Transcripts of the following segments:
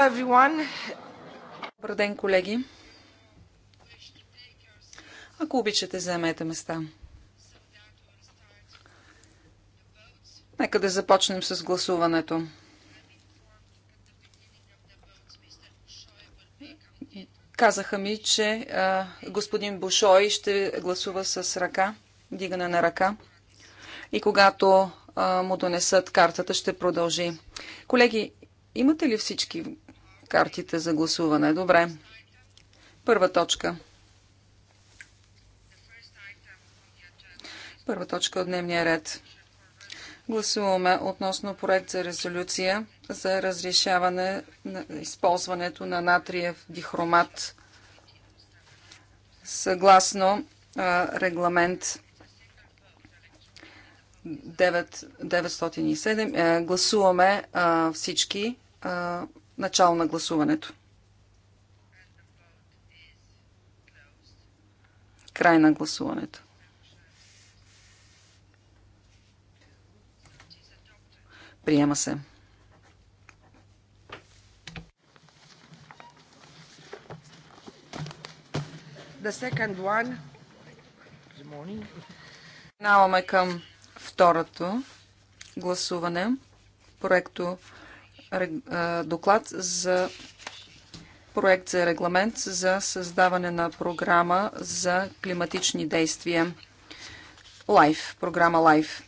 everyone. Добър ден, колеги. Ако обичате, заемете места. Нека да започнем с гласуването. Казаха ми, че а, господин Бушой ще гласува с ръка, дигане на ръка. И когато а, му донесат картата, ще продължи. Колеги, имате ли всички картите за гласуване. Добре. Първа точка. Първа точка от дневния ред. Гласуваме относно проект за резолюция за разрешаване на използването на натриев дихромат съгласно а, регламент 9, 907. Е, гласуваме а, всички а, Начало на гласуването. Край на гласуването. Приема се. The second one. Минаваме към второто гласуване. Проекто доклад за проект за регламент за създаване на програма за климатични действия. Лайф, програма Лайф,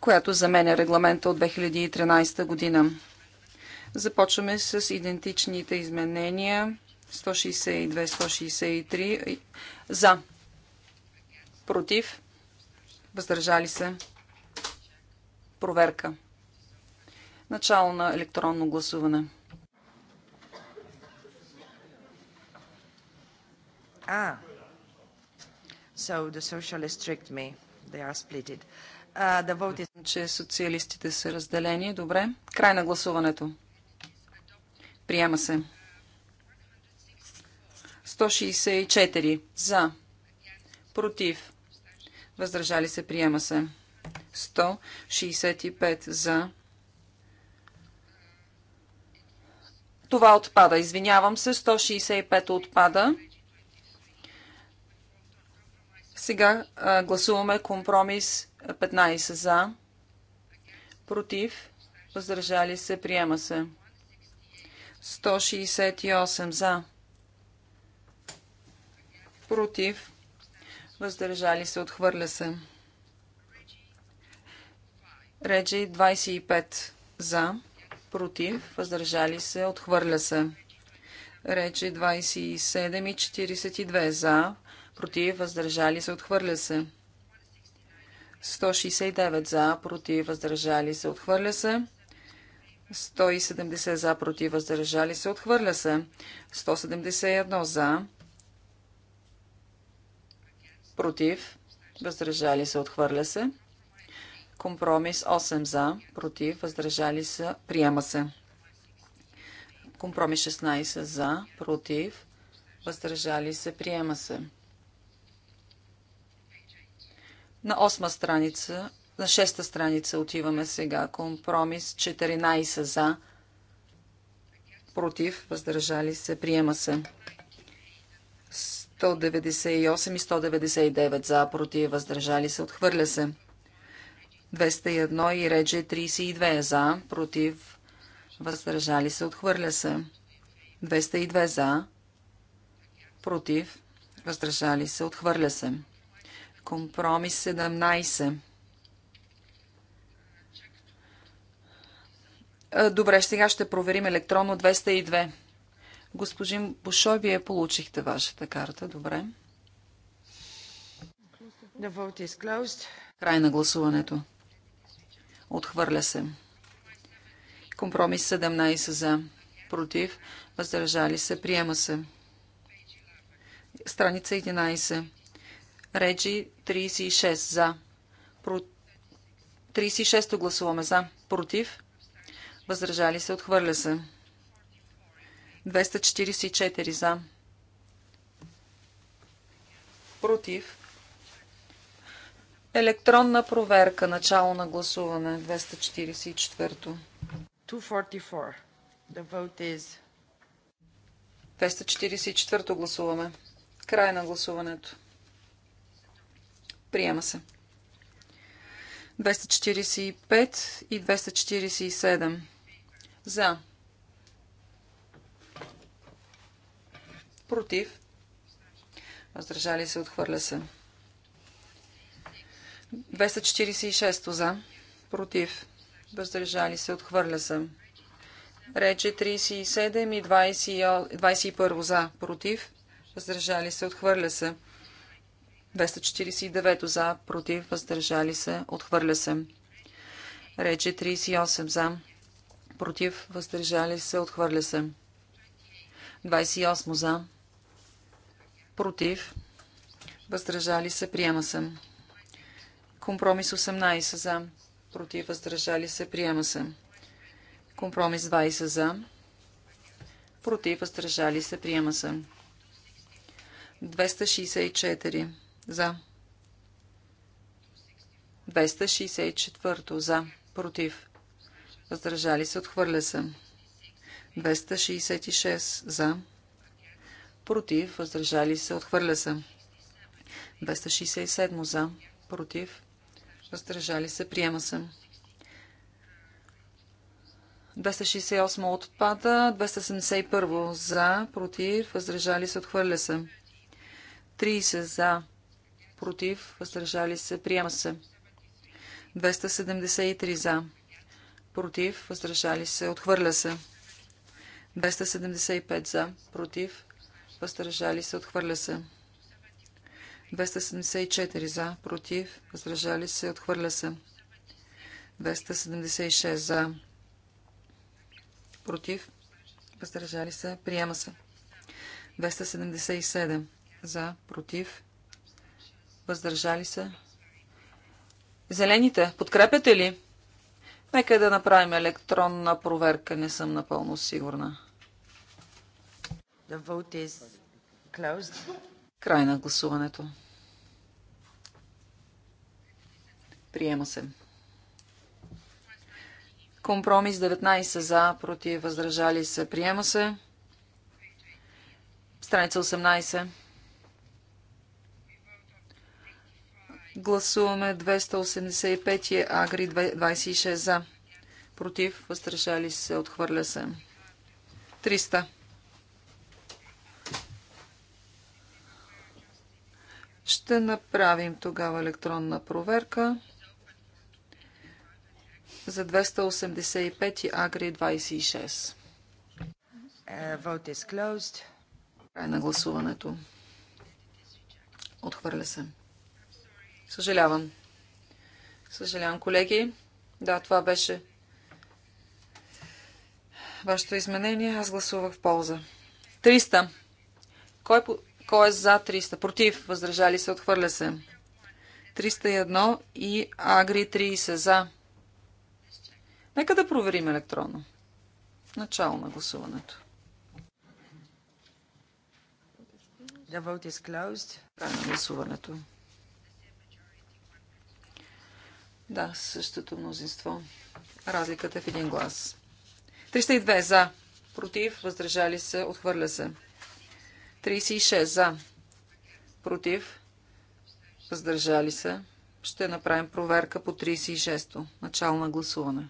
която заменя регламента от 2013 година. Започваме с идентичните изменения 162-163 за против въздържали се проверка. Начало на електронно гласуване. А. Ah. So the socialists tricked me. They are splitted. Uh, the vote is... Че социалистите са разделени. Добре. Край на гласуването. Приема се. 164 за. Против. Въздържали се. Приема се. 165 за Това отпада, извинявам се, 165 отпада. Сега а, гласуваме компромис 15 за, против, въздържали се, приема се. 168 за, против, въздържали се, отхвърля се. Реджи 25 за, против, въздържали се, отхвърля се. Речи 27 и 42 за, против, въздържали се, отхвърля се. 169 за, против, въздържали се, отхвърля се. 170 за, против, въздържали се, отхвърля се. 171 за, против, въздържали се, отхвърля се. Компромис 8 за, против, въздържали се, приема се. Компромис 16 за, против, въздържали се, приема се. На 8 страница, на 6 страница отиваме сега. Компромис 14 за, против, въздържали се, приема се. 198 и 199 за, против, въздържали се, отхвърля се. 201 и Реджи 32 за, против, въздържали се, отхвърля се. 202 за, против, въздържали се, отхвърля се. Компромис 17. Добре, сега ще проверим електронно 202. Госпожин Бушой, вие получихте вашата карта. Добре. Край на гласуването. Отхвърля се. Компромис 17 за. Против. Въздържали се. Приема се. Страница 11. Реджи 36 за. Про... 36-то гласуваме за. Против. Въздържали се. Отхвърля се. 244 за. Против. Електронна проверка. Начало на гласуване. 244. 244. The vote is... 244 гласуваме. Край на гласуването. Приема се. 245 и 247. За. Против. Въздържали се, отхвърля се. 246 за, против, въздържали се, отхвърля се. Рече 37 и 20, 21 за, против, въздържали се, отхвърля се. 249 за, против, въздържали се, отхвърля се. Рече 38 за, против, въздържали се, отхвърля се. 28 за, против, въздържали се, приема се. Компромис 18 за, против, въздържали се, приема се. Компромис 20 за, против, въздържали се, приема се. 264 за. 264 за, против, въздържали се, отхвърля се. 266 за, против, въздържали се, отхвърля се. 267 за, против, въздържали се, приема се. 268 отпада, 271 за, против, въздържали се, отхвърля се. 30 за, против, въздържали се, приема се. 273 за, против, въздържали се, отхвърля се. 275 за, против, въздържали се, отхвърля се. 274 за, против, въздържали се, отхвърля се. 276 за, против, въздържали се, приема се. 277 за, против, въздържали се. Зелените, подкрепяте ли? Нека да направим електронна проверка, не съм напълно сигурна. The vote is closed. Край на гласуването. Приема се. Компромис 19 за, против, въздържали се. Приема се. Страница 18. Гласуваме 285 Агри 26 за. Против, въздържали се, отхвърля се. 300. Ще направим тогава електронна проверка за 285 и Агри 26. Вот е склозд. Край на гласуването. Отхвърля се. Съжалявам. Съжалявам, колеги. Да, това беше вашето изменение. Аз гласувах в полза. 300. Кой по... Кой е за 300? Против? Въздържали се? Отхвърля се. 301 и Агри 30 за. Нека да проверим електронно. Начало на гласуването. The vote is closed. на гласуването. Да, същото мнозинство. Разликата е в един глас. 302 за. Против, въздържали се, отхвърля се. 36 за. Против. Въздържали се. Ще направим проверка по 36-то. Начало на гласуване.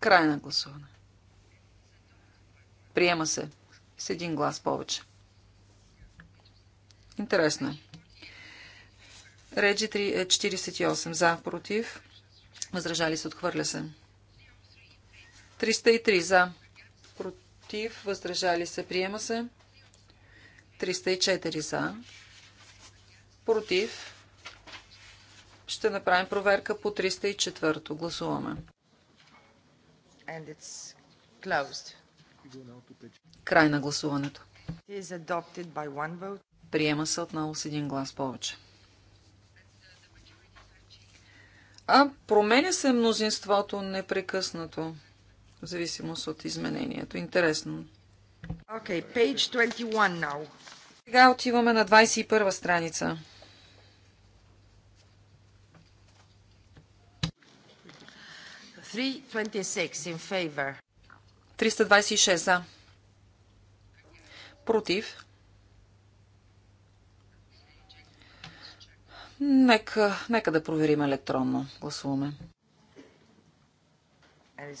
Край на гласуване. Приема се с един глас повече. Интересно е. Реджи 48 е, за, против. Възражали се, отхвърля се. 303 за, против, въздържали се, приема се. 304 за, против. Ще направим проверка по 304. Гласуваме. Край на гласуването. Приема се отново с един глас повече. А променя се мнозинството непрекъснато в зависимост от изменението. Интересно. Okay, page 21 now. Сега отиваме на 21 страница. in favor. 326 за. Против. Нека, нека да проверим електронно. Гласуваме. Е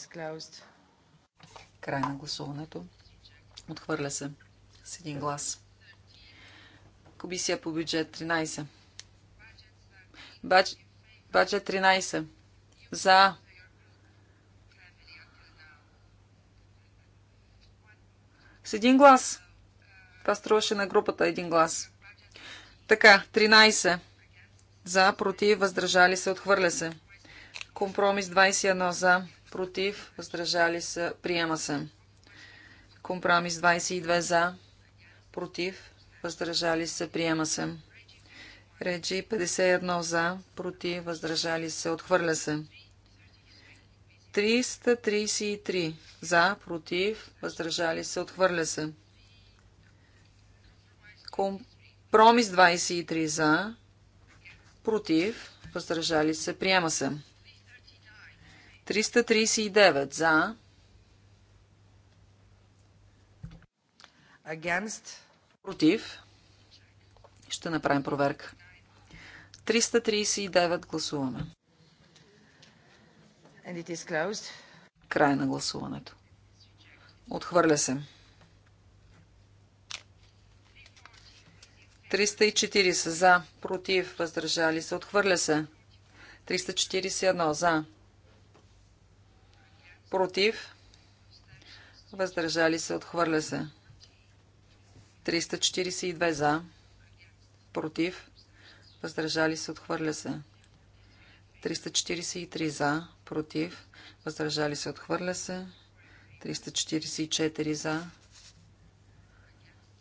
Край на гласуването. Отхвърля се с един глас. Комисия по бюджет 13. Баджет 13. За. С един глас. Това струваше на групата един глас. Така, 13. За, против, въздържали се, отхвърля се. Компромис 21 за, против, въздържали се, приема се. Компромис 22 за, против, въздържали се, приема се. Реджи 51 за, против, въздържали се, отхвърля се. 333 за, против, въздържали се, отхвърля се. Компромис 23 за, против, въздържали се, приема се. 339 за. Against. Против. Ще направим проверка. 339 гласуваме. And it is closed. Край на гласуването. Отхвърля се. 340 за, против, въздържали се, отхвърля се. 341 за, против, въздържали се, отхвърля се. 342 за, против, въздържали се, отхвърля се. 343 за, против, въздържали се, отхвърля се. 344 за,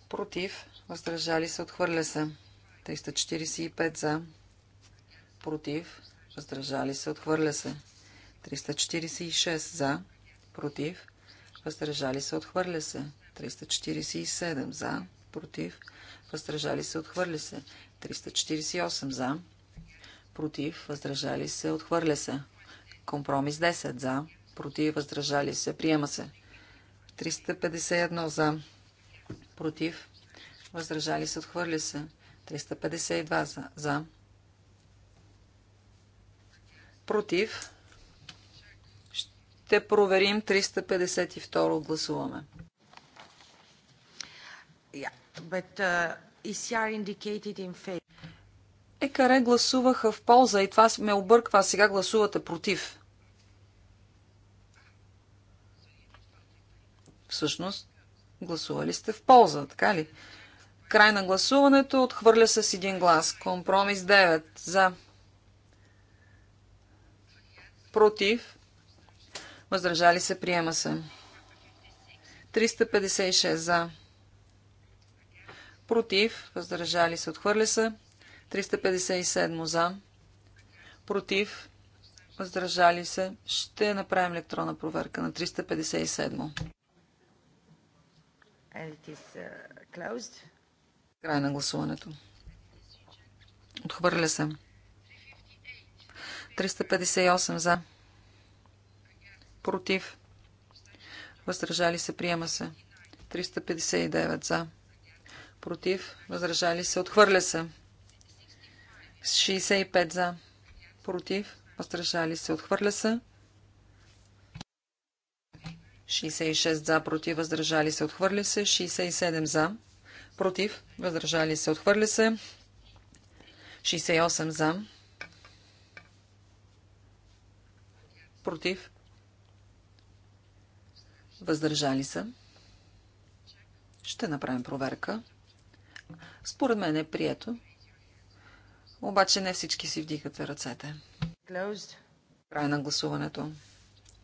против, въздържали се, отхвърля се. 345 за, против, въздържали се, отхвърля се. 346 за, против, въздържали се, отхвърля се. 347 за, против, въздържали се, отхвърля се. 348 за, против, въздържали се, отхвърля се. Компромис 10 за, против, въздържали се, приема се. 351 за, против, въздържали се, отхвърля се. 352 за, за. против, ще проверим 352 гласуваме. Uh, e Екаре гласуваха в полза и това ме обърква, а сега гласувате против. Всъщност, гласували сте в полза, така ли? Край на гласуването отхвърля с един глас. Компромис 9 за. Против въздържали се, приема се. 356 за, против, въздържали се, отхвърля се. 357 за, против, въздържали се. Ще направим електронна проверка на 357. Uh, Край на гласуването. Отхвърля се. 358 за против, въздържали се, приема се. 359 за, против, въздържали се, отхвърля се. 65 за, против, въздържали се, отхвърля се. 66 за, против, въздържали се, отхвърля се. 67 за, против, въздържали се, отхвърля се. 68 за, против, Въздържали се. Ще направим проверка. Според мен е прието. Обаче не всички си вдигате ръцете. Край на гласуването.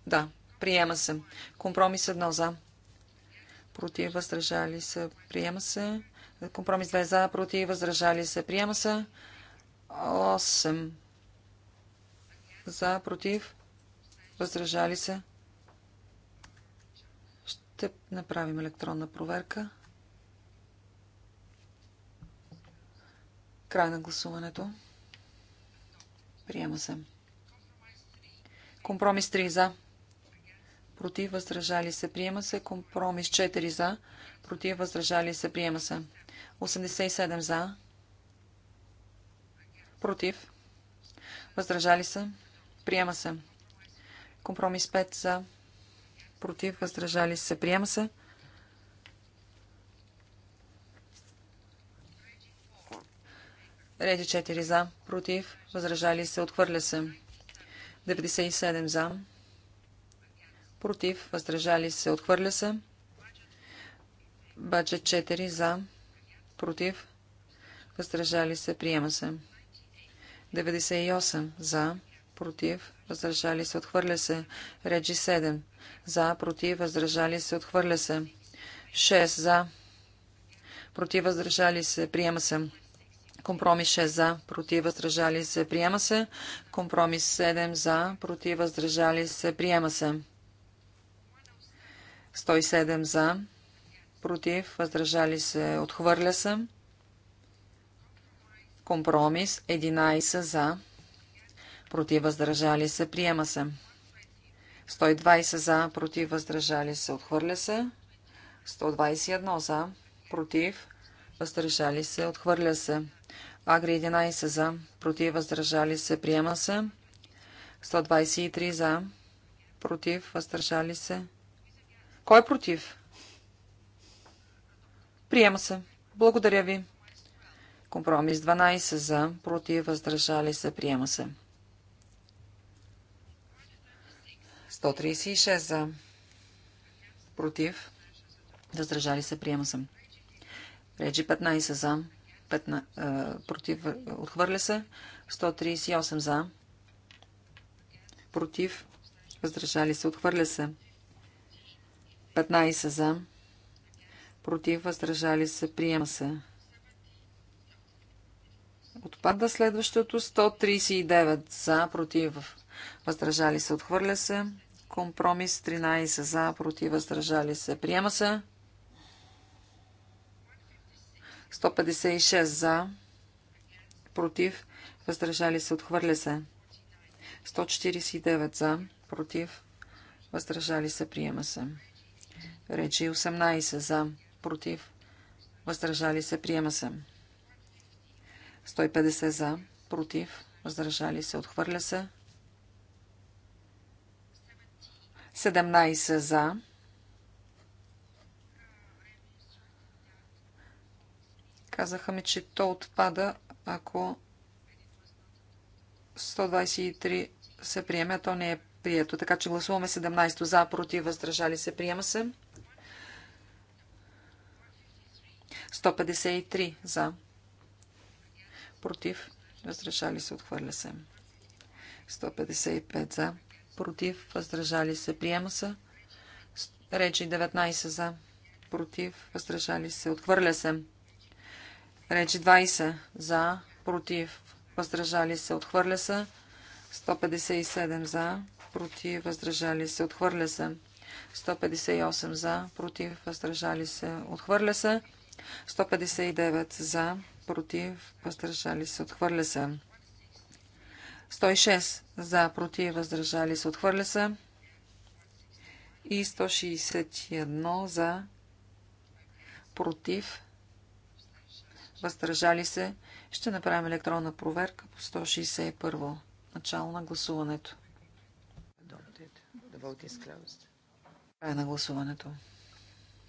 Да, приема се. Компромис едно за. Против, въздържали се. Приема се. Компромис 2 за, против, въздържали се. Приема се. 8 за, против, въздържали се. Ще направим електронна проверка. Край на гласуването. Приема се. Компромис 3 за. Против въздържали се. Приема се. Компромис 4 за. Против въздържали се. Приема се. 87 за. Против. Въздържали се. Приема се. Компромис 5 за против, въздържали се, приема се. Реди 4 за, против, въздържали се, отхвърля се. 97 за, против, въздържали се, отхвърля се. Баче 4 за, против, въздържали се, приема се. 98 за, против, против, въздържали се, отхвърля се. Реджи 7. За, против, въздържали се, отхвърля се. 6. За, против, въздържали се, приема се. Компромис 6 за, против, въздържали се, приема се. Компромис 7 за, против, въздържали се, приема се. 107 за, против, въздържали се, отхвърля се. Компромис 11 за, против въздържали се, приема се. 120 за, против въздържали се, отхвърля се. 121 за, против въздържали се, отхвърля се. Агри 11 за, против въздържали се, приема се. 123 за, против въздържали се. Кой е против? Приема се. Благодаря ви. Компромис 12 за, против въздържали се, приема се. 136 за. Против. Въздържали се. Приема съм. Реджи 15 за. 15, е, против. Отхвърля се. 138 за. Против. Въздържали се. Отхвърля се. 15 за. Против. Въздържали се. Приема се. Отпада следващото. 139 за. Против. Въздържали се. Отхвърля се. Компромис 13 за, против, въздържали се. Приема се. 156 за, против, въздържали се. Отхвърля се. 149 за, против, въздържали се. Приема се. Речи 18 за, против, въздържали се. Приема се. 150 за, против, въздържали се. Отхвърля се. 17 за. Казаха ми, че то отпада, ако 123 се приеме, а то не е прието. Така че гласуваме 17 за, против, въздържали се, приема се. 153 за, против, въздържали се, отхвърля се. 155 за, против, въздържали се, приема се. Речи 19 за, против, въздържали се, отхвърля се. Речи 20 за, против, въздържали се, отхвърля се. 157 за, против, въздържали се, отхвърля се. 158 за, против, въздържали се, отхвърля се. 159 за, против, въздържали се, отхвърля се. 106 за, против, въздържали се, отхвърля се. И 161 за, против, въздържали се. Ще направим електронна проверка по 161. Начало на гласуването. Край на гласуването.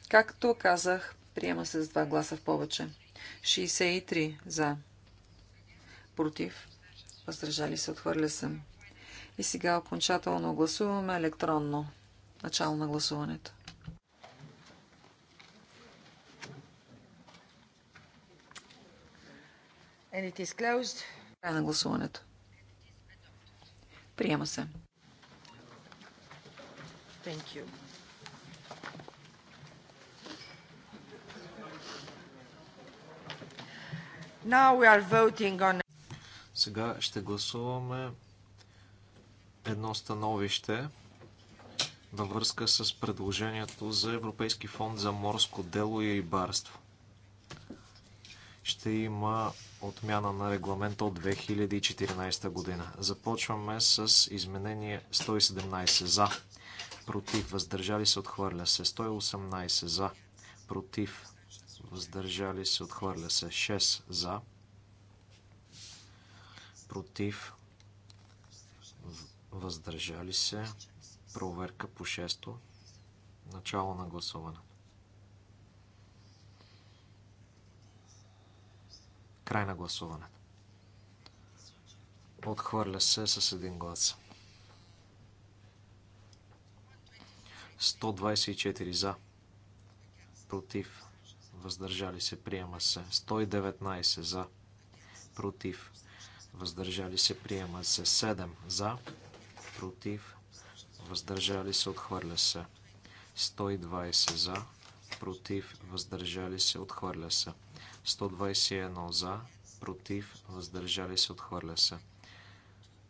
Както казах, приема се с два гласа в повече. 63 за, против, въздържали се, отхвърля се. И сега окончателно гласуваме електронно. Начало на гласуването. And it is closed. Край на гласуването. Приема се. Thank you. Now we are voting on сега ще гласуваме едно становище във връзка с предложението за Европейски фонд за морско дело и рибарство. Ще има отмяна на регламента от 2014 година. Започваме с изменение 117 за, против, въздържали се, отхвърля се. 118 за, против, въздържали се, отхвърля се. 6 за, против, въздържали се, проверка по 6 начало на гласуване. Край на гласуване. Отхвърля се с един глас. 124 за. Против. Въздържали се. Приема се. 119 за. Против въздържали се, приема се. 7 за, против, въздържали се, отхвърля се. 120 за, против, въздържали се, отхвърля се. 121 за, против, въздържали се, отхвърля се.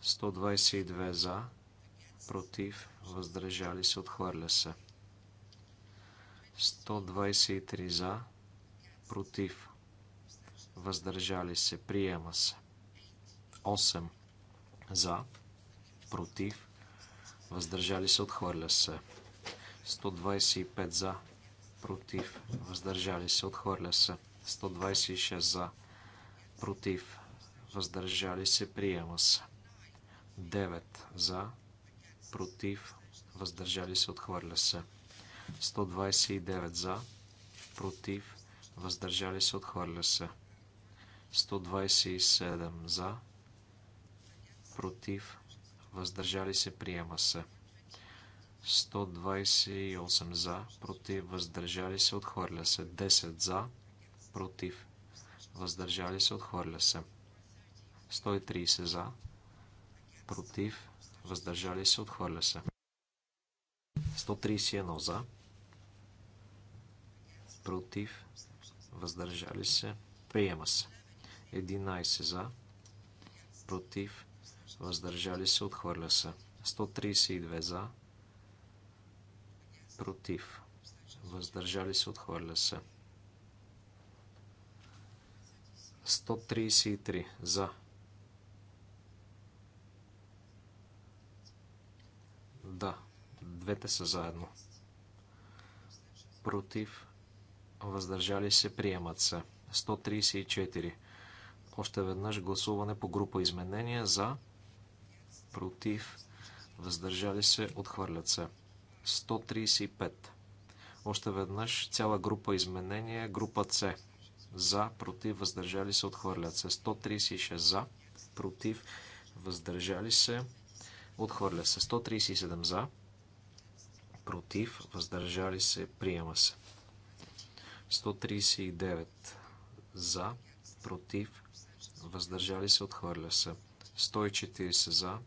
122 за, против, въздържали се, отхвърля се. 123 за, против, въздържали се, приема се. 8 за, против, въздържали се, отхвърля се. 125 за, против, въздържали се, отхвърля се. 126 за, против, въздържали се, приема се. 9 за, против, въздържали се, отхвърля се. 129 за, против, въздържали се, отхвърля се. 127 за, против, въздържали се, приема се. 128 за, против, въздържали се, отхвърля се. 10 за, против, въздържали се, отхвърля се. 130 за, против, въздържали се, отхвърля се. 131 за, против, въздържали се, приема се. 11 за, против, въздържали се, отхвърля се. 132 за, против, въздържали се, отхвърля се. 133 за. Да, двете са заедно. Против, въздържали се, приемат се. 134. Още веднъж гласуване по група изменения за против, въздържали се, отхвърлят се. 135. Още веднъж цяла група изменения, група С. За, против, въздържали се, отхвърлят се. 136 за, против, въздържали се, отхвърля се. 137 за, против, въздържали се, приема се. 139 за, против, въздържали се, отхвърля се. 140 за,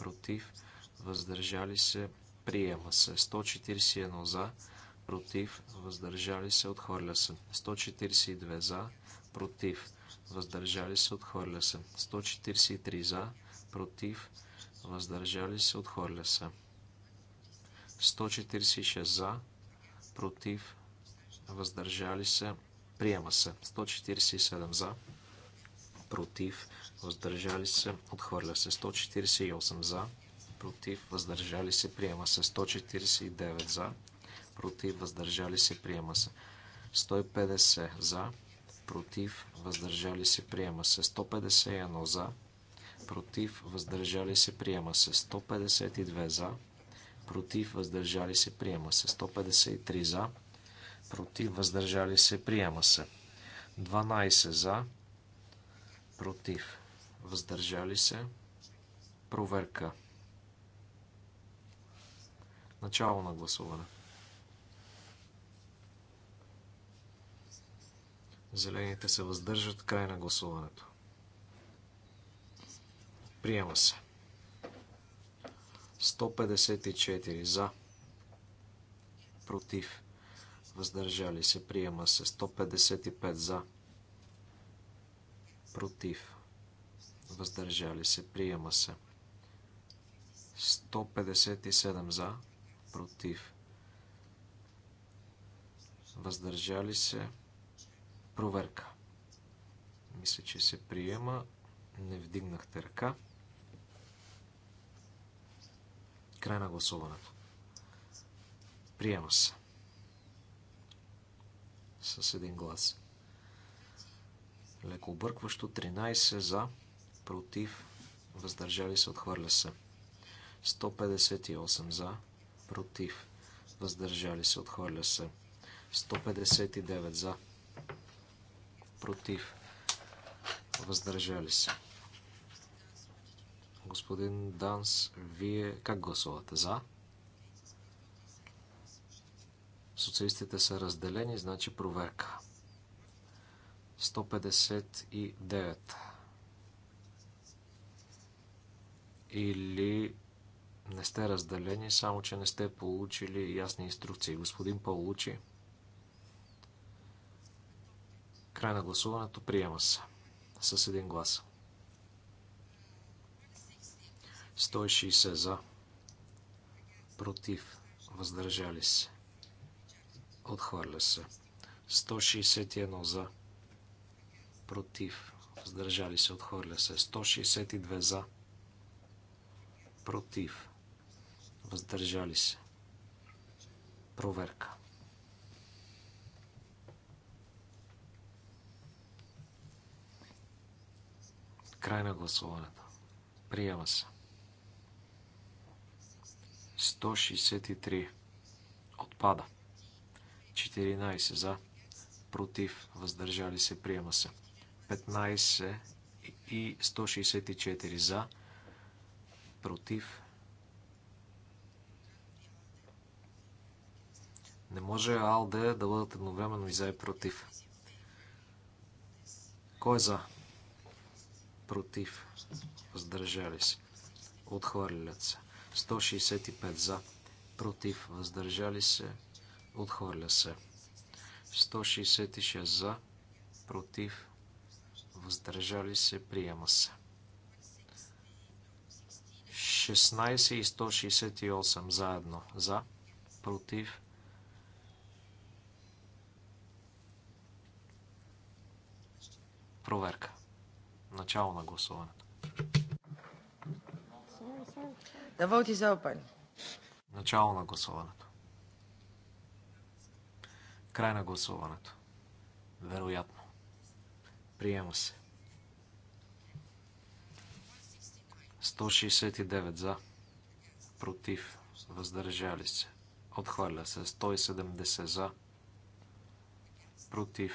против, въздържали се, приема се. 141 за, против, въздържали се, отхвърля се. 142 за, против, въздържали се, отхвърля се. 143 за, против, въздържали се, отхвърля се. 146 за, против, въздържали се, приема се. 147 за, против, въздържали се, отхвърля се 148 за, против, въздържали се, приема се 149 за, против, въздържали се, приема се 150 за, против, въздържали се, приема се 151 за, против, въздържали се, приема се 152 за, против, въздържали се, приема се 153 за, против, въздържали се, приема се 12 за, против, въздържали се, проверка. Начало на гласуване. Зелените се въздържат. Край на гласуването. Приема се. 154 за. Против. Въздържали се. Приема се. 155 за против, въздържали се, приема се. 157 за, против, въздържали се, проверка. Мисля, че се приема. Не вдигнахте ръка. Край на гласуването. Приема се. С един глас леко объркващо. 13 за, против, въздържали се, отхвърля се. 158 за, против, въздържали се, отхвърля се. 159 за, против, въздържали се. Господин Данс, вие как гласувате? За? Социалистите са разделени, значи проверка. 159. Или не сте разделени, само че не сте получили ясни инструкции. Господин Павлучи, Край на гласуването приема се. С един глас. 160 за. Против. Въздържали се. Отхвърля се. 161 за против, въздържали се, отхвърля се. 162 за, против, въздържали се. Проверка. Край на гласуването. Приема се. 163. Отпада. 14 за. Против. Въздържали се. Приема се. 15 и 164 за, против. Не може АЛДЕ да бъдат едновременно и за и против. Кой е за? Против. Въздържали се. Отхвърлят се. 165 за. Против. Въздържали се. Отхвърля се. 166 за. Против въздържали се, приема се. 16 и 168 заедно. За, против. Проверка. Начало на гласуването. Да вълти за опен. Начало на гласуването. Край на гласуването. Вероятно. Приема се. 169 за. Против. Въздържали се. Отхвърля се. 170 за. Против.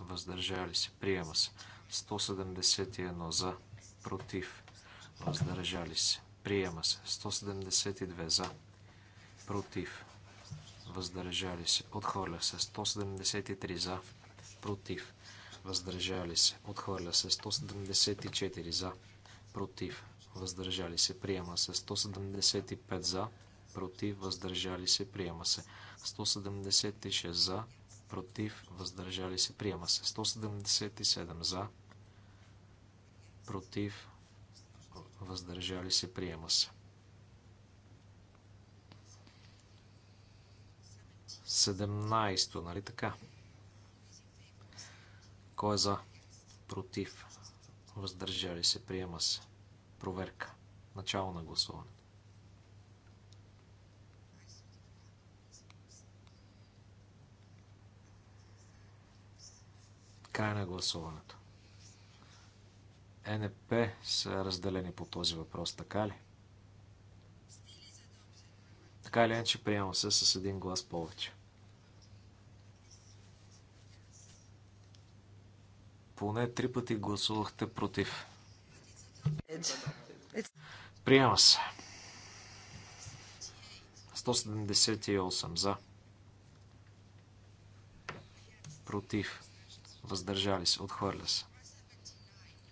Въздържали се. Приема се. 171 за. Против. Въздържали се. Приема се. 172 за. Против. Въздържали се. Отхвърля се. 173 за. Против въздържали се, отхвърля се 174 за, против, въздържали се, приема се 175 за, против, въздържали се, приема се 176 за, против, въздържали се, приема се 177 за, против, въздържали се, приема се 17, нали така? Кой е за? Против. Въздържали се. Приема се. Проверка. Начало на гласуване. Край на гласуването. Е НП са разделени по този въпрос, така ли? Така или че приема се с един глас повече. Поне три пъти гласувахте против. Приема се. 178 за. Против. Въздържали се. Отхвърля се.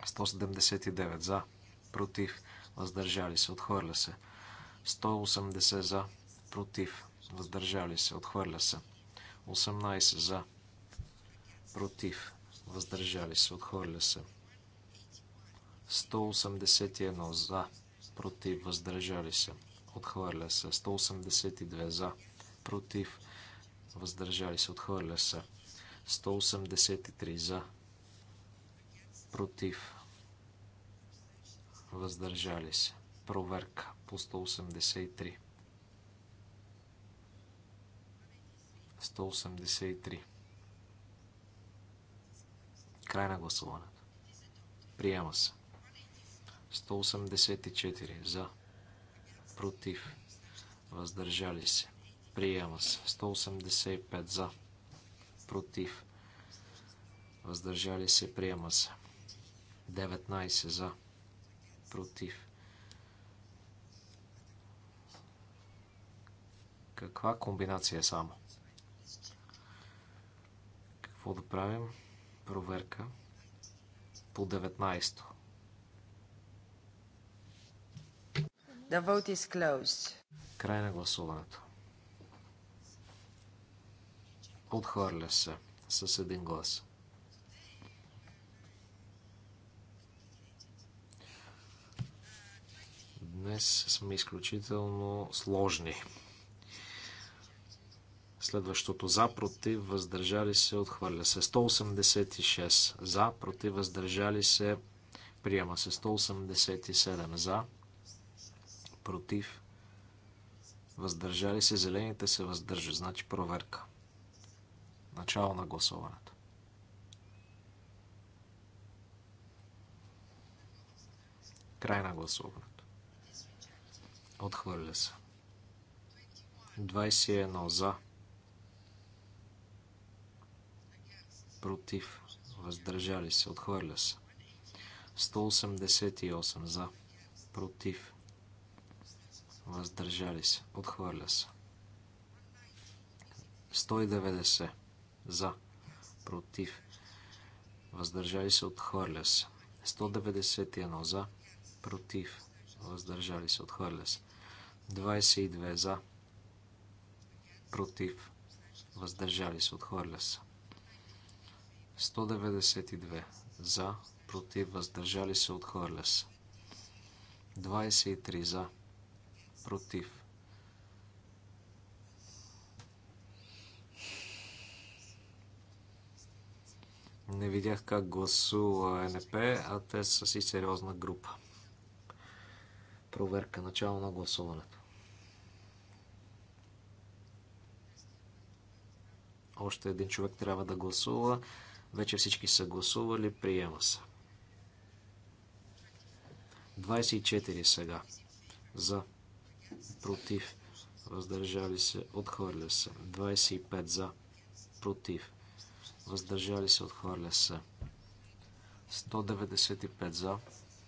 179 за. Против. Въздържали се. Отхвърля се. 180 за. Против. Въздържали се. Отхвърля се. 18 за. Против въздържали се, отхвърля се. 181 за, против, въздържали се, отхвърля се. 182 за, против, въздържали се, отхвърля се. 183 за, против, въздържали се. Проверка по 183. 183. Край на гласуването. Приема се. 184 за. Против. Въздържали се. Приема се. 185 за. Против. Въздържали се. Приема се. 19 за. Против. Каква комбинация е само? Какво да правим? Проверка по 19-то. The vote is closed. Край на гласуването. Отхвърля се с един глас. Днес сме изключително сложни. Следващото за, против, въздържали се, отхвърля се. 186 за, против, въздържали се, приема се. 187 за, против, въздържали се, зелените се въздържат. Значи проверка. Начало на гласуване. Край на гласуването. Отхвърля се. 21 за, против, въздържали се, отхвърля се. 188 за, против, въздържали се, отхвърля се. 190 за, против, въздържали се, отхвърля се. 191 за, против, въздържали се, отхвърля се. 22 за, против, въздържали се, отхвърля се. 192 за, против, въздържали се, отхвърля се. 23 за, против. Не видях как гласува НП, а те са си сериозна група. Проверка, начало на гласуването. Още един човек трябва да гласува. Вече всички са гласували. Приема се. 24 сега. За. Против. Въздържали се. Отхвърля се. 25 за. Против. Въздържали се. Отхвърля се. 195 за.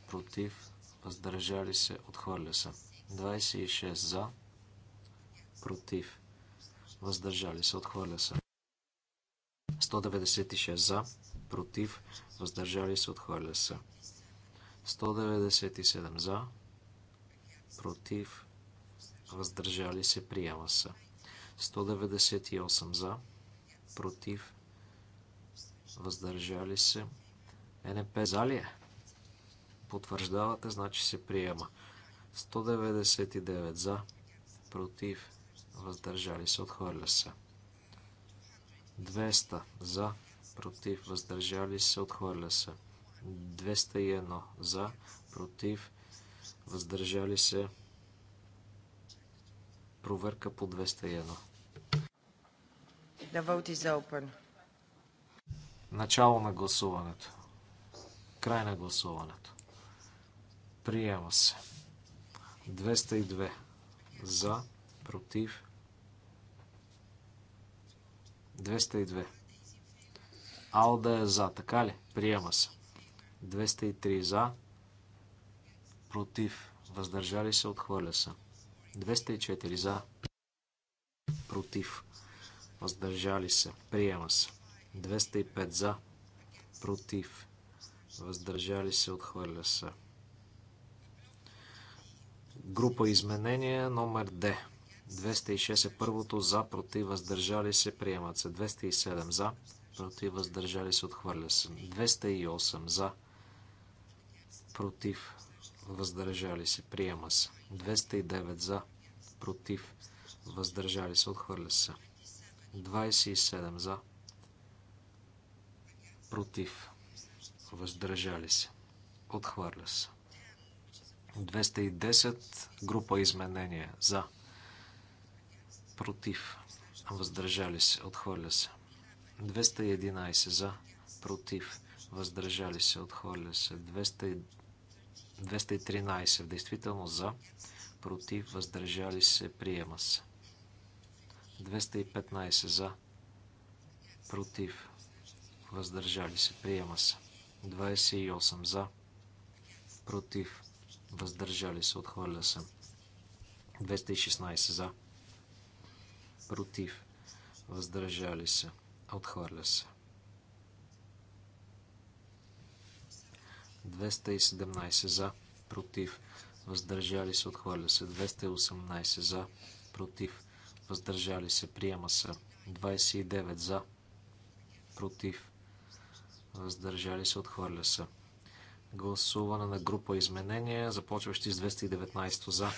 Против. Въздържали се. Отхвърля се. 26 за. Против. Въздържали се. Отхвърля се. 196 за, против, въздържали се, отхвърля се. 197 за, против, въздържали се, приема се. 198 за, против, въздържали се. НП за ли е? Потвърждавате, значи се приема. 199 за, против, въздържали се, отхвърля се. 200 за, против, въздържали се, отхвърля се. 201 за, против, въздържали се. Проверка по 201. The vote is open. Начало на гласуването. Край на гласуването. Приема се. 202 за, против, 202. Алда е за, така ли? Приема се. 203 за, против, въздържали се, отхвърля се. 204 за, против, въздържали се, приема се. 205 за, против, въздържали се, отхвърля се. Група изменения номер 2. 206 е първото за, против, въздържали се, приемат се. 207 за, против, въздържали се, отхвърля се. 208 за, против, въздържали се, приема се. 209 за, против, въздържали се, отхвърля се. 27 за, против, въздържали се, отхвърля се. 210 група изменения за, против, въздържали се, отхвърля се. 211 за, против, въздържали се, отхвърля се. 213 в действително за, против, въздържали се, приема се. 215 за, против, въздържали се, приема се. 28 за, против, въздържали се, отхвърля се. 216 за, против, въздържали се, отхвърля се. 217 за, против, въздържали се, отхвърля се. 218 за, против, въздържали се, приема се. 29 за, против, въздържали се, отхвърля се. Гласуване на група изменения, започващи с 219 за,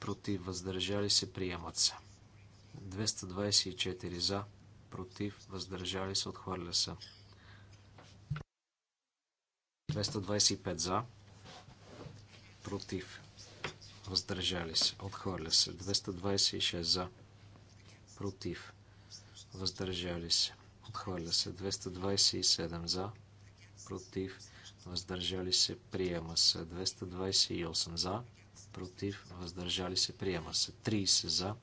против, въздържали се, приемат се. 224 за, против, въздържали се, отхвърля се. 225 за, против, въздържали се, отхвърля се. 226 за, против, въздържали се, отхвърля се. 227 за, против, въздържали се, приема се. 228 за, против, въздържали се, приема се. 30 за, против,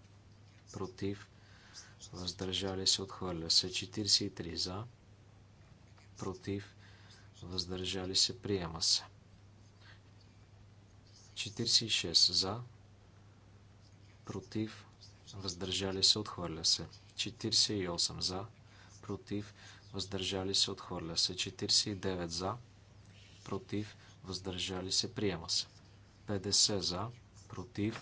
против, въздържали се, отхвърля се. 43 за, против, въздържали се, приема се. 46 за, против, въздържали се, отхвърля се. 48 за, против, въздържали се, отхвърля се. 49 за, против, въздържали се, приема се. 50 за, против,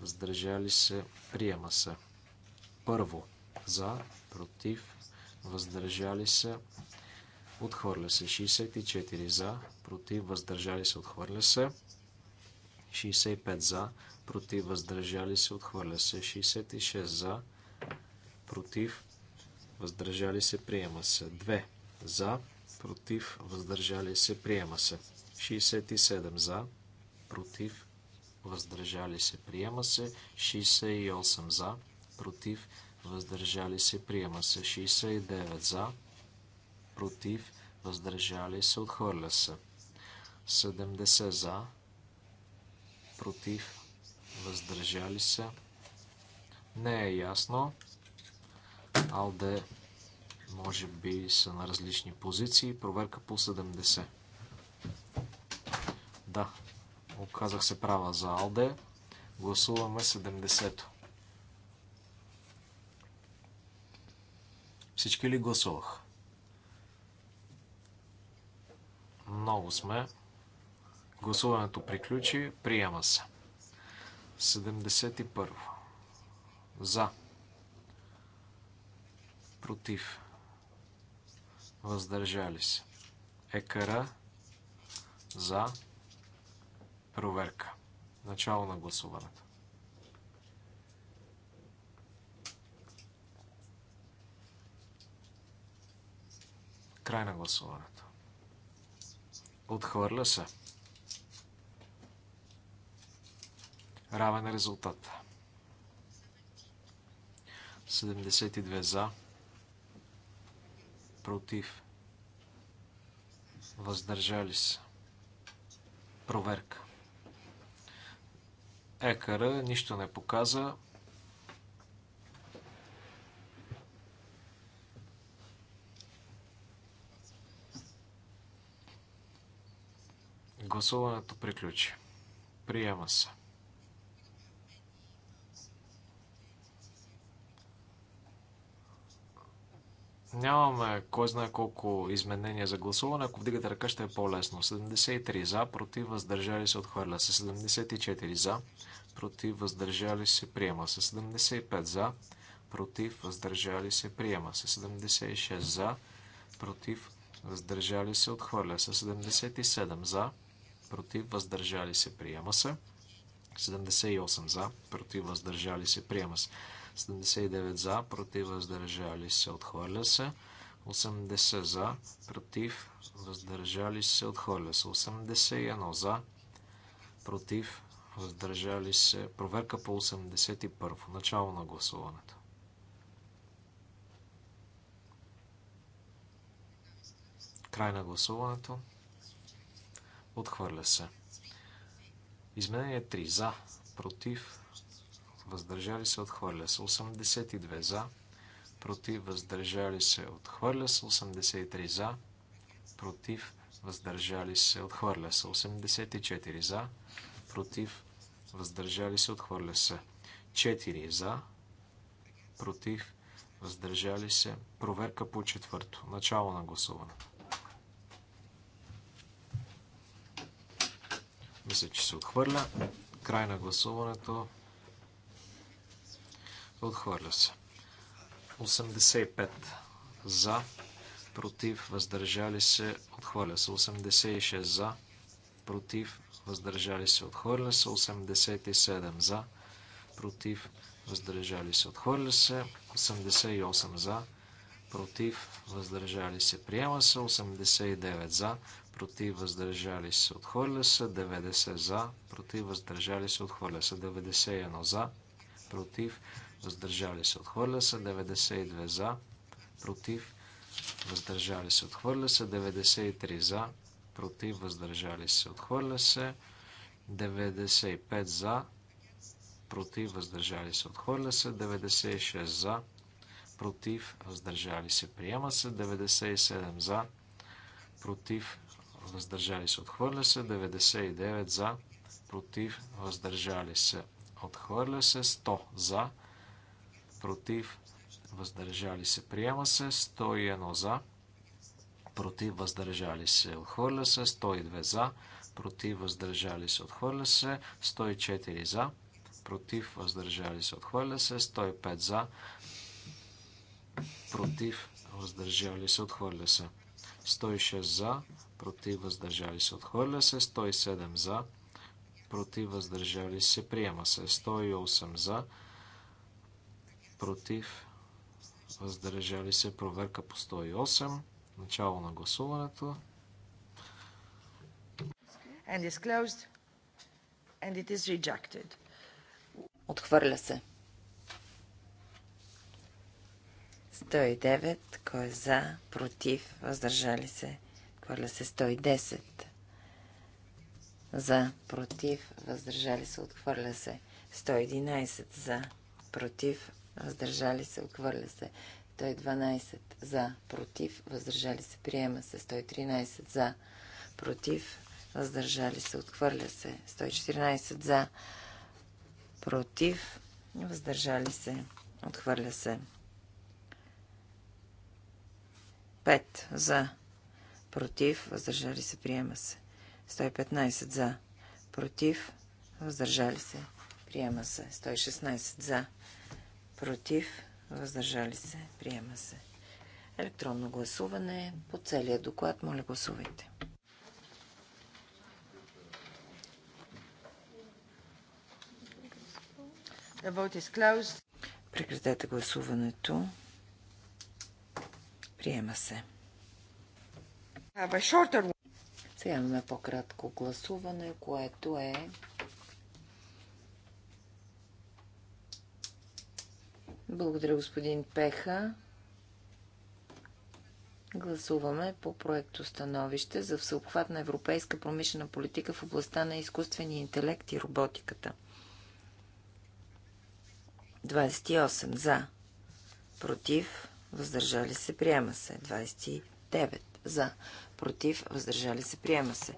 въздържали се, приема се. Първо, за, против, въздържали се, отхвърля се. 64 за, против, въздържали се, отхвърля се. 65 за, против, въздържали се, отхвърля се. 66 за, против, въздържали се, приема се. 2 за, против, въздържали се, приема се. 67 за, против, въздържали се, приема се. 68 за, против, въздържали се, приема се. 69 за, против, въздържали се, отхвърля се. 70 за, против, въздържали се. Не е ясно. Алде може би са на различни позиции. Проверка по 70. Да, Оказах се права за Алде. Гласуваме 70-то. Всички ли гласувах? Много сме. Гласуването приключи. Приема се. 71. За. Против. Въздържали се. Екара. За. Проверка. Начало на гласуването. Край на гласуването. Отхвърля се. Равен е резултат. 72 за. Против. Въздържали се. Проверка. Екара нищо не показа. Гласуването приключи. Приема се. Нямаме кой знае колко изменения за гласуване. Ако вдигате ръка, ще е по-лесно. 73 за, против, въздържали се, отхвърля се. 74 за, против, въздържали се, приема се. 75 за, против, въздържали се, приема се. 76 за, против, въздържали се, отхвърля се. 77 за, против, въздържали се, приема се. 78 за, против, въздържали се, приема се. 79 за, против, въздържали се, отхвърля се. 80 за, против, въздържали се, отхвърля се. 81 за, против, въздържали се. Проверка по 81. Начало на гласуването. Край на гласуването. Отхвърля се. Изменение 3. За. Против въздържали се, отхвърля се. 82 за, против, въздържали се, отхвърля се. 83 за, против, въздържали се, отхвърля се. 84 за, против, въздържали се, отхвърля се. 4 за, против, въздържали се. Проверка по четвърто. Начало на гласуване. Мисля, че се отхвърля. Край на гласуването. Отхвърля се. 85 за, против, въздържали се, отхвърля се. 86 за, против, въздържали се, отхвърля се. 87 за, против, въздържали се, отхвърля се. 88 за, против, въздържали се, приема се. 89 за, против, въздържали се, отхвърля се. 90 за, против, въздържали се, отхвърля се. 91 за, против, въздържали се, отхвърля се, 92 за, против, въздържали се, отхвърля се, 93 за, против, въздържали се, отхвърля се, 95 за, против, въздържали се, отхвърля се, 96 за, против, въздържали се, приема се, 97 за, против, въздържали се, отхвърля се, 99 за, против, въздържали се, отхвърля се, 100 за, против, въздържали се, приема се, 101 за, против, въздържали се, отхвърля се, 102 за, против, въздържали се, отхвърля се, 104 за, против, въздържали се, отхвърля се, 105 за, против, въздържали се, отхвърля се, 106 за, против, въздържали се, отхвърля се, 107 за, против, въздържали се, приема се, 108 за, против, въздържали се, проверка по 108, начало на гласуването. And is closed. And it is rejected. Отхвърля се. 109, кой е за, против, въздържали се. Отхвърля се 110. За, против, въздържали се, отхвърля се. 111 за, против, въздържали се, отхвърля се. 112 е за, против, въздържали се, приема се. 113 е за, против, въздържали се, отхвърля се. 114 е за, против, въздържали се, отхвърля се. 5 за, против, въздържали се, приема се. 115 за, против, въздържали се, приема се. 116 за, против, въздържали се, приема се. Електронно гласуване по целия доклад. Моля, гласувайте. Прекратете гласуването. Приема се. Сега имаме по-кратко гласуване, което е Благодаря, господин Пеха. Гласуваме по проекто становище за всеобхватна европейска промишлена политика в областта на изкуствения интелект и роботиката. 28 за, против, въздържали се, приема се. 29 за, против, въздържали се, приема се.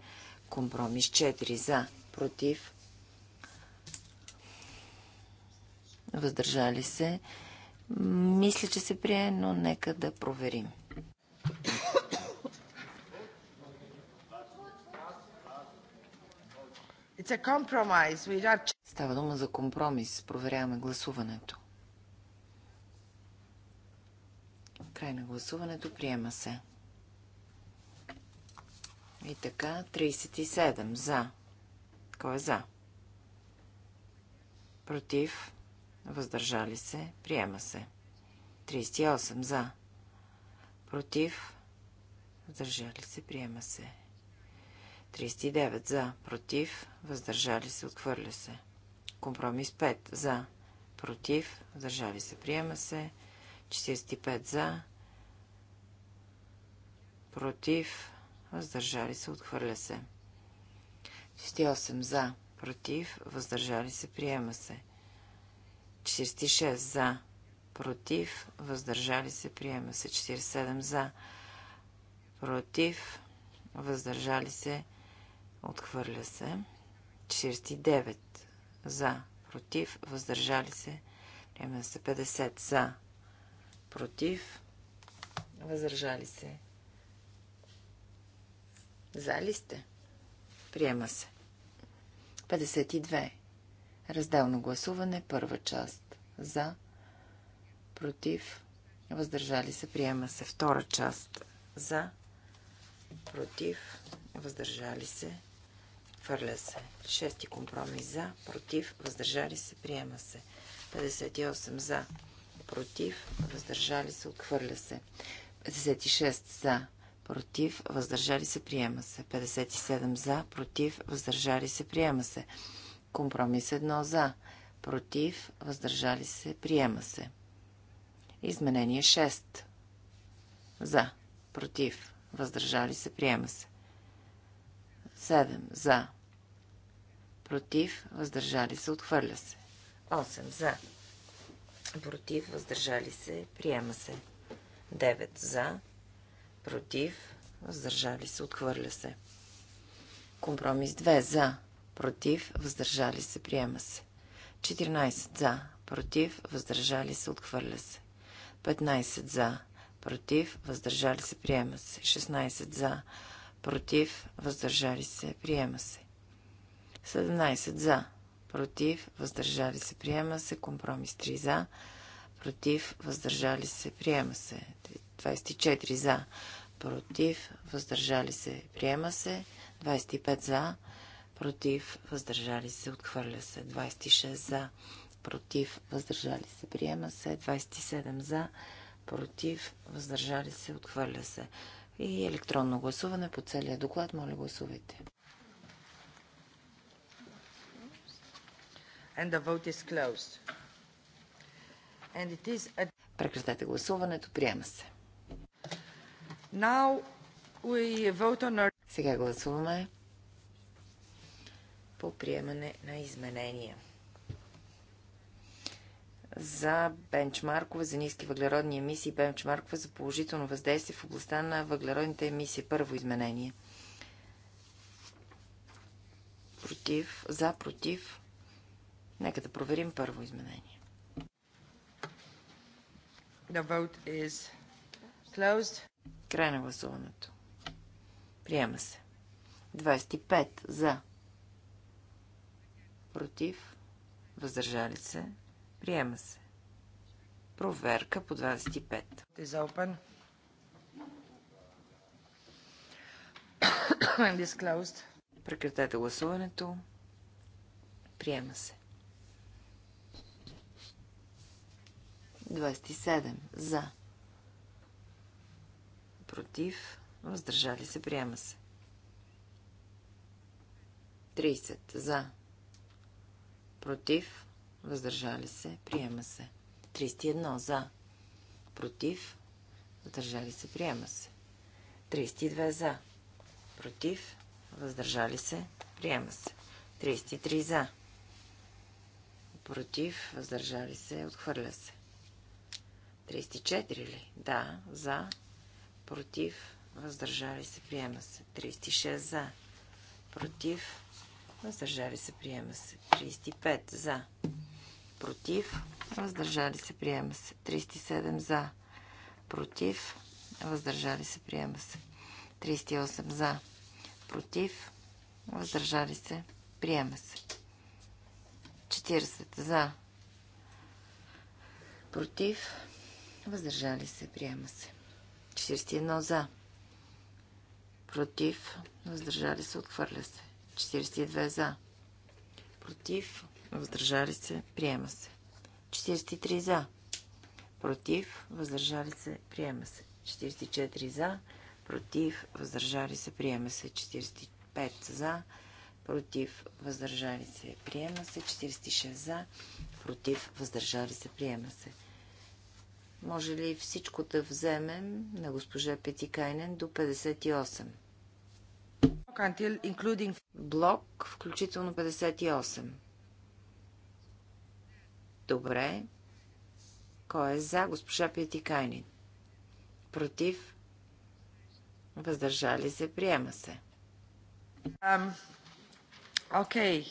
Компромис 4 за, против, въздържали се, се мисля, че се прие, но нека да проверим. Are... Става дума за компромис. Проверяваме гласуването. Край на гласуването. Приема се. И така, 37 за. Кой е за? Против? въздържали се, приема се. 38 за, против, въздържали се, приема се. 39 за, против, въздържали се, отхвърля се. Компромис 5 за, против, въздържали се, приема се. 45 за, против, въздържали се, отхвърля се. 68 за, против, въздържали се, приема се. 46 за, против, въздържали се, приема се 47 за, против, въздържали се, отхвърля се 49 за, против, въздържали се, приема се 50 за, против, въздържали се. За ли сте? Приема се. 52 Разделно гласуване, първа част. За, против, въздържали се, приема се. Втора част. За, против, въздържали се, хвърля се. Шести компромис за, против, въздържали се, приема се. 58 за, против, въздържали се, отхвърля се. 56 за, против, въздържали се, приема се. 57 за, против, въздържали се, приема се. Компромис 1 за. Против. Въздържали се. Приема се. Изменение 6. За. Против. Въздържали се. Приема се. 7. За. Против. Въздържали се. Отхвърля се. 8. За. Против. Въздържали се. Приема се. 9. За. Против. Въздържали се. Отхвърля се. Компромис 2. За против, въздържали се, приема се. 14 за, против, въздържали се, отхвърля се. 15 за, против, въздържали се, приема се. 16 за, против, въздържали се, приема се. 17 за, против, въздържали се, приема се. Компромис 3 за, против, въздържали се, приема се. 24 за, против, въздържали се, приема се. 25 за, против, въздържали се, отхвърля се. 26 за, против, въздържали се, приема се. 27 за, против, въздържали се, отхвърля се. И електронно гласуване по целия доклад. Моля, гласувайте. And the vote is closed. And it is a... Прекратете гласуването. Приема се. Now we vote on our... Сега гласуваме по приемане на изменения за бенчмаркове за ниски въглеродни емисии, бенчмаркове за положително въздействие в областта на въглеродните емисии. Първо изменение. Против, за, против. Нека да проверим първо изменение. The vote is closed. Край на гласуването. Приема се. 25 за, против, въздържали се, приема се. Проверка по 25. Is open. And is closed. Прекратете гласуването. Приема се. 27. За. Против. Въздържали се. Приема се. 30. За против, въздържали се, приема се. 31 за, против, въздържали се, приема се. 32 за, против, въздържали се, приема се. 33 за, против, въздържали се, отхвърля се. 34 ли? Да, за, против, въздържали се, приема се. 36 за, против, Въздържали се, приема се. 35 за. Против. Въздържали се, приема се. 37 за. Против. Въздържали се, приема се. 38 за. Против. Въздържали се, приема се. 40 за. Против. Въздържали се, приема се. 41 за. Против. Въздържали се, отхвърля се. 42 за. Против. Въздържали се. Приема се. 43 за. Против. Въздържали се. Приема се. 44 за. Против. Въздържали се. Приема се. 45 за. Против. Въздържали се. Приема се. 46 за. Против. Въздържали се. Приема се. Може ли всичко да вземем на госпожа Петикайнен до 58? Блок, включително 58. Добре. Кой е за? Госпожа Пятикайнин. Против? Въздържали се? Приема се. Окей.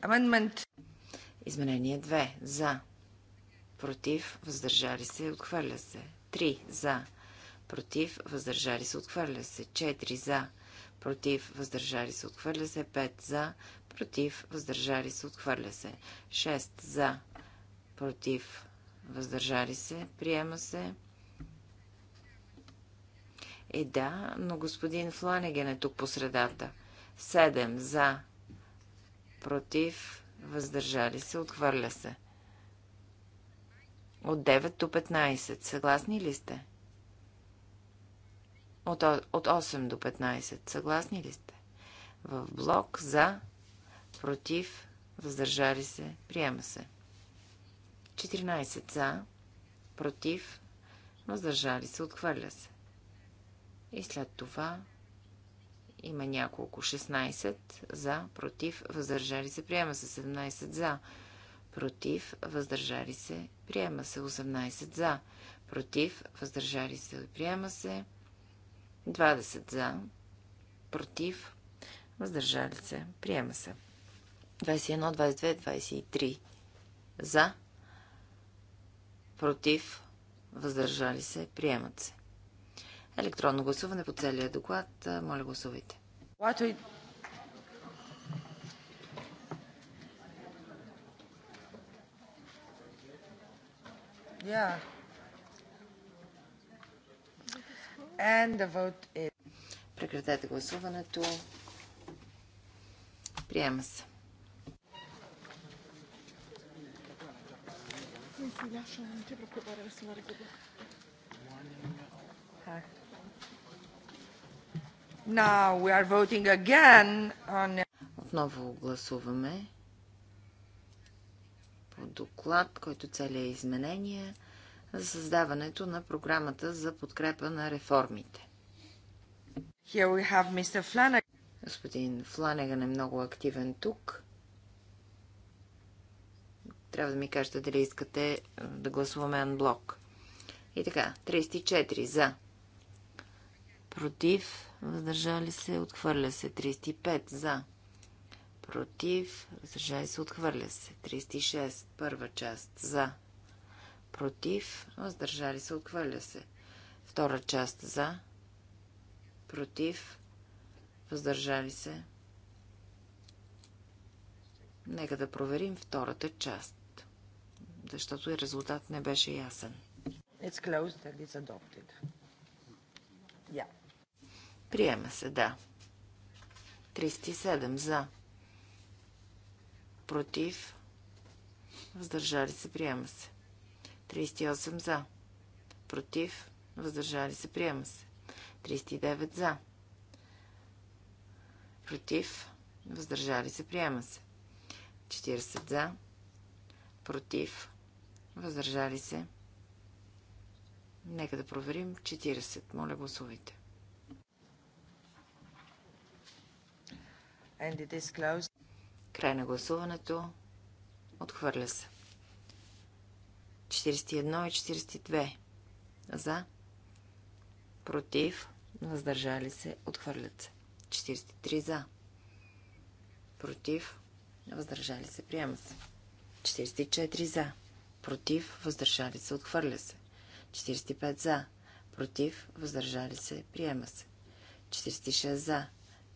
Um, Изменение 2. За. Против? Въздържали се? Отхвърля се. 3. За. Против? Въздържали се? Отхвърля се. 4. За против, въздържали се, отхвърля се. 5 за, против, въздържали се, отхвърля се. 6 за, против, въздържали се, приема се. Е да, но господин Фланеген е тук по средата. 7 за, против, въздържали се, отхвърля се. От 9 до 15. Съгласни ли сте? От, 8 до 15. Съгласни ли сте? В блок за, против, въздържали се, приема се. 14 за, против, въздържали се, отхвърля се. И след това има няколко. 16 за, против, въздържали се, приема се. 17 за, против, въздържали се, приема се. 18 за, против, въздържали се, приема се. 20 за, против, въздържали се, приема се. 21, 22, 23 за, против, въздържали се, приемат се. Електронно гласуване по целия доклад. Моля гласувайте. Yeah. Is... Прекратете гласуването. Приема се. On... Отново гласуваме по доклад, който целият изменения за създаването на програмата за подкрепа на реформите. Here we have Mr. Господин Фланеган е много активен тук. Трябва да ми кажете дали искате е, да гласуваме анблок. И така, 34 за. Против, въздържали се, отхвърля се. 35 за. Против, въздържали се, отхвърля се. 36, първа част за против, въздържали се, отхвърля се. Втора част за, против, въздържали се. Нека да проверим втората част, защото и резултат не беше ясен. It's closed and it's adopted. Yeah. Приема се, да. 37 за. Против. Въздържали се, приема се. 38 за. Против. Въздържали се. Приема се. 39 за. Против. Въздържали се. Приема се. 40 за. Против. Въздържали се. Нека да проверим. 40. Моля, гласувайте. Край на гласуването. Отхвърля се. 41 и 42. За. Против. Въздържали се. Отхвърлят се. 43 за. Против. Въздържали се. Приема се. 44 за. Против. Въздържали се. Отхвърля се. 45 за. Против. Въздържали се. Приема се. 46 за.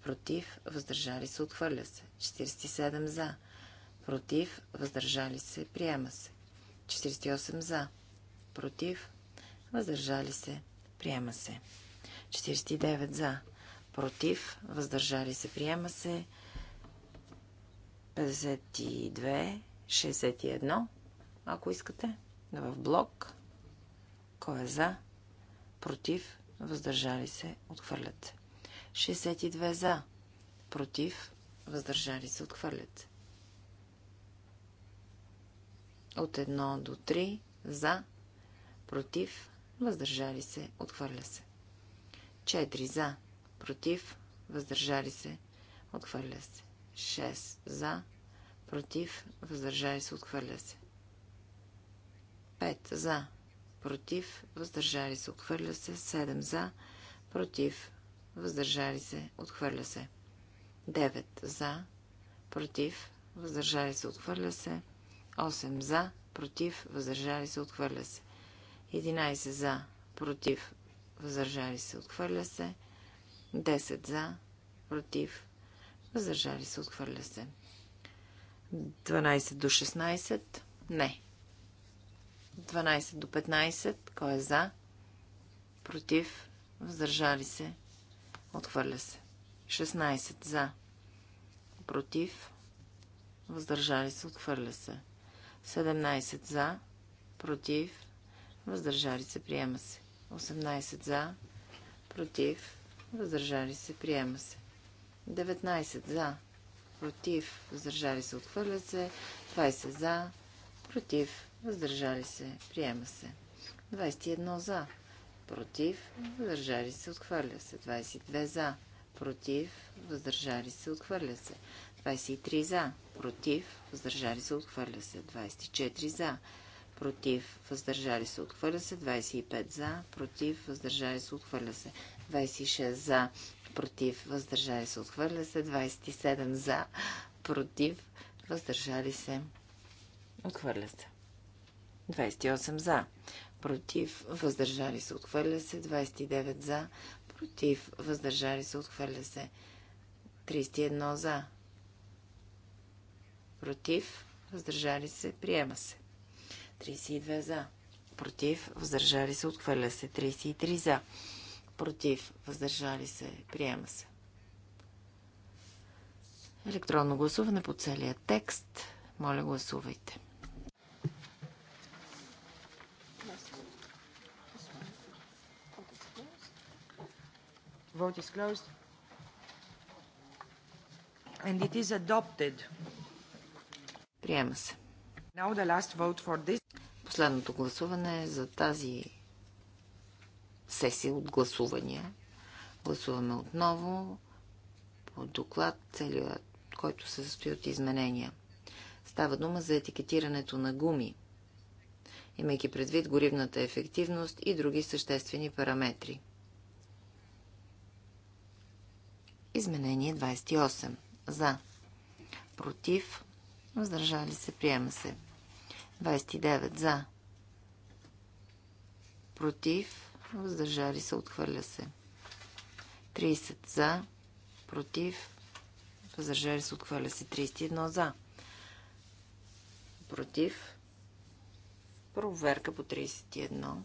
Против. Въздържали се. Отхвърля се. 47 за. Против. Въздържали се. Приема се. 48 за. Против. Въздържали се. Приема се. 49 за. Против. Въздържали се. Приема се. 52. 61. Ако искате. В блок. Кой е за? Против. Въздържали се. Отхвърлят. 62 за. Против. Въздържали се. Отхвърлят. От 1 до 3 за, против, въздържали се, отхвърля се. 4 за, против, въздържали се, отхвърля се. 6 за, против, въздържали се, отхвърля се. 5 за, против, въздържали се, отхвърля се. 7 за, против, въздържали се, отхвърля се. 9 за, против, въздържали се, отхвърля се. 8 за, против, въздържали се, отхвърля се. 11 за, против, въздържали се, отхвърля се. 10 за, против, въздържали се, отхвърля се. 12 до 16, не. 12 до 15, кой е за, против, въздържали се, отхвърля се. 16 за, против, въздържали се, отхвърля се. 17 за, против, въздържали се, приема се. 18 за, против, въздържали се, приема се. 19 за, против, въздържали се, отхвърля се. 20 за, против, въздържали се, приема се. 21 за, против, въздържали се, отхвърля се. 22 за, против, въздържали се, отхвърля се. 23 за, против, въздържали се, отхвърля се. 24 за, против, въздържали се, отхвърля се. 25 за, против, въздържали се, отхвърля се. 26 за, против, въздържали се, отхвърля се. 27 за, против, въздържали се, отхвърля се. 28 за, против, въздържали се, отхвърля се. 29 за, против, въздържали се, отхвърля се. 31 за, против, въздържали се, приема се. 32 за, против, въздържали се, отхвърля се. 33 за, против, въздържали се, приема се. Електронно гласуване по целия текст. Моля, гласувайте. Vote is closed. And it is adopted. Приема се. Последното гласуване е за тази сесия от гласувания. Гласуваме отново по доклад, целият, който се състои от изменения. Става дума за етикетирането на гуми, имайки предвид горивната ефективност и други съществени параметри. Изменение 28. За. Против. Въздържали се. Приема се. 29 за. Против. Въздържали се. Отхвърля се. 30 за. Против. Въздържали се. Отхвърля се. 31 за. Против. Проверка по 31.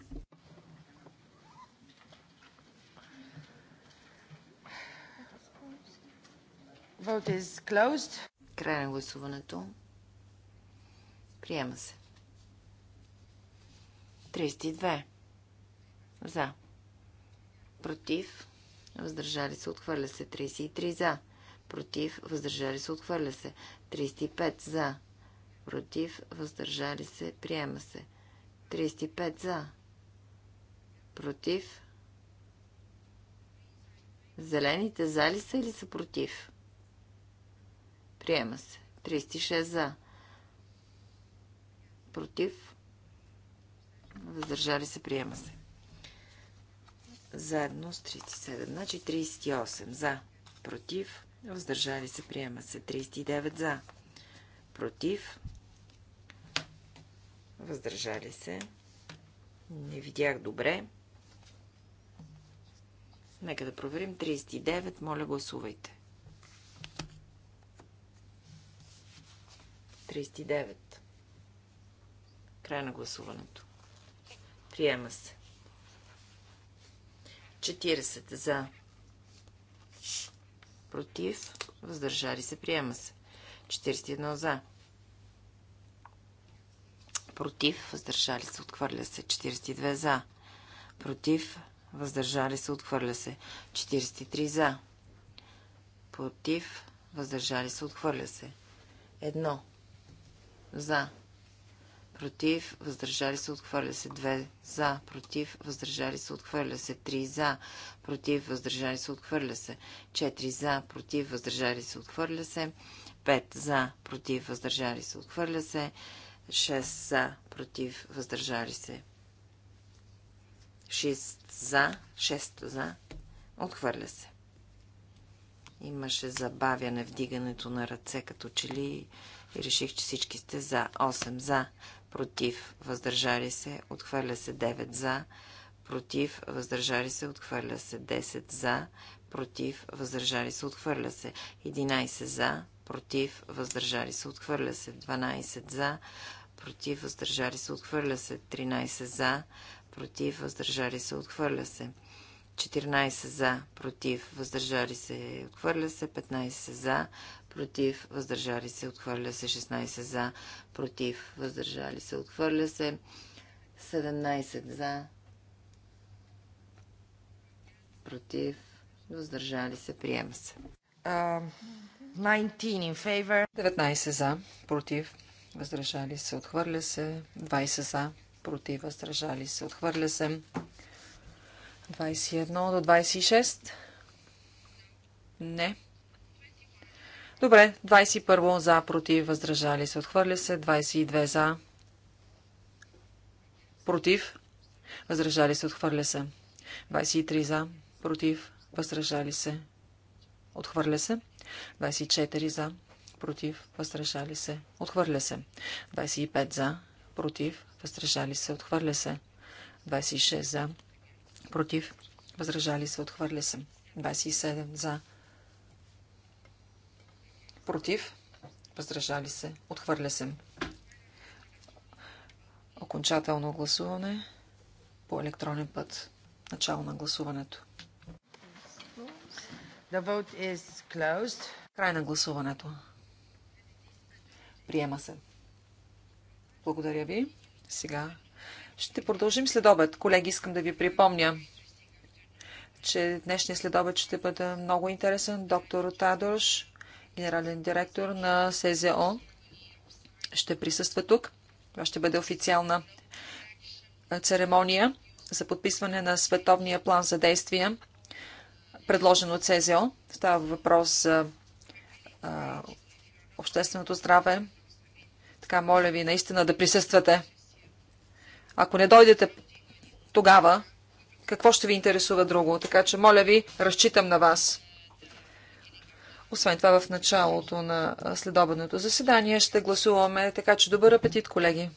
Vote is closed. Край на гласуването. Приема се. 32. За. Против. Въздържали се. Отхвърля се. 33. За. Против. Въздържали се. Отхвърля се. 35. За. Против. Въздържали се. Приема се. 35. За. Против. Зелените зали са или са против? Приема се. 36 за против, въздържали се, приема се. Заедно с 37, значи 38 за, против, въздържали се, приема се. 39 за, против, въздържали се. Не видях добре. Нека да проверим. 39, моля гласувайте. 39. Край на гласуването. Приема се. 40 за. Против. Въздържали се. Приема се. 41 за. Против. Въздържали се. Отхвърля се. 42 за. Против. Въздържали се. Отхвърля се. 43 за. Против. Въздържали се. Отхвърля се. 1. За против, въздържали се, отхвърля се 2 за, против, въздържали се, отхвърля се 3 за, против, въздържали се, отхвърля се 4 за, против, въздържали се, отхвърля се 5 за, против, въздържали се, отхвърля се 6 за, против, въздържали се 6 за, 6 за, отхвърля се. Имаше забавяне вдигането на ръце, като че ли и реших, че всички сте за. 8 за, против, въздържали се, отхвърля се 9 за, против, въздържали се, отхвърля се 10 за, против, въздържали се, отхвърля се 11 за, против, въздържали се, отхвърля се 12 за, против, въздържали се, отхвърля се 13 за, против, въздържали се, отхвърля се 14 за, против, въздържали се, отхвърля се 15 за, против, въздържали се, отхвърля се 16 за, против, въздържали се, отхвърля се 17 за, против, въздържали се, приема се. Uh, 19 in favor. 19 за, против, въздържали се, отхвърля се, 20 за, против, въздържали се, отхвърля се, 21 до 26. Не. Добре, 21 за, против, въздържали се, отхвърля се, 22 за, против, въздържали се, отхвърля се, 23 за, против, въздържали се, отхвърля се, 24 за, против, въздържали се, отхвърля се, 25 за, против, въздържали се, отхвърля се, 26 за, против, въздържали се, отхвърля се, 27 за, против, въздържали се, отхвърля се. Окончателно гласуване по електронен път. Начало на гласуването. The vote is closed. Край на гласуването. Приема се. Благодаря ви. Сега ще продължим след обед. Колеги, искам да ви припомня, че днешния следобед ще бъде много интересен. Доктор Тадош генерален директор на СЗО, ще присъства тук. Това ще бъде официална церемония за подписване на Световния план за действия, предложен от СЗО. Става въпрос за общественото здраве. Така, моля ви наистина да присъствате. Ако не дойдете тогава, какво ще ви интересува друго? Така че, моля ви, разчитам на вас. Освен това, в началото на следобедното заседание ще гласуваме, така че добър апетит, колеги!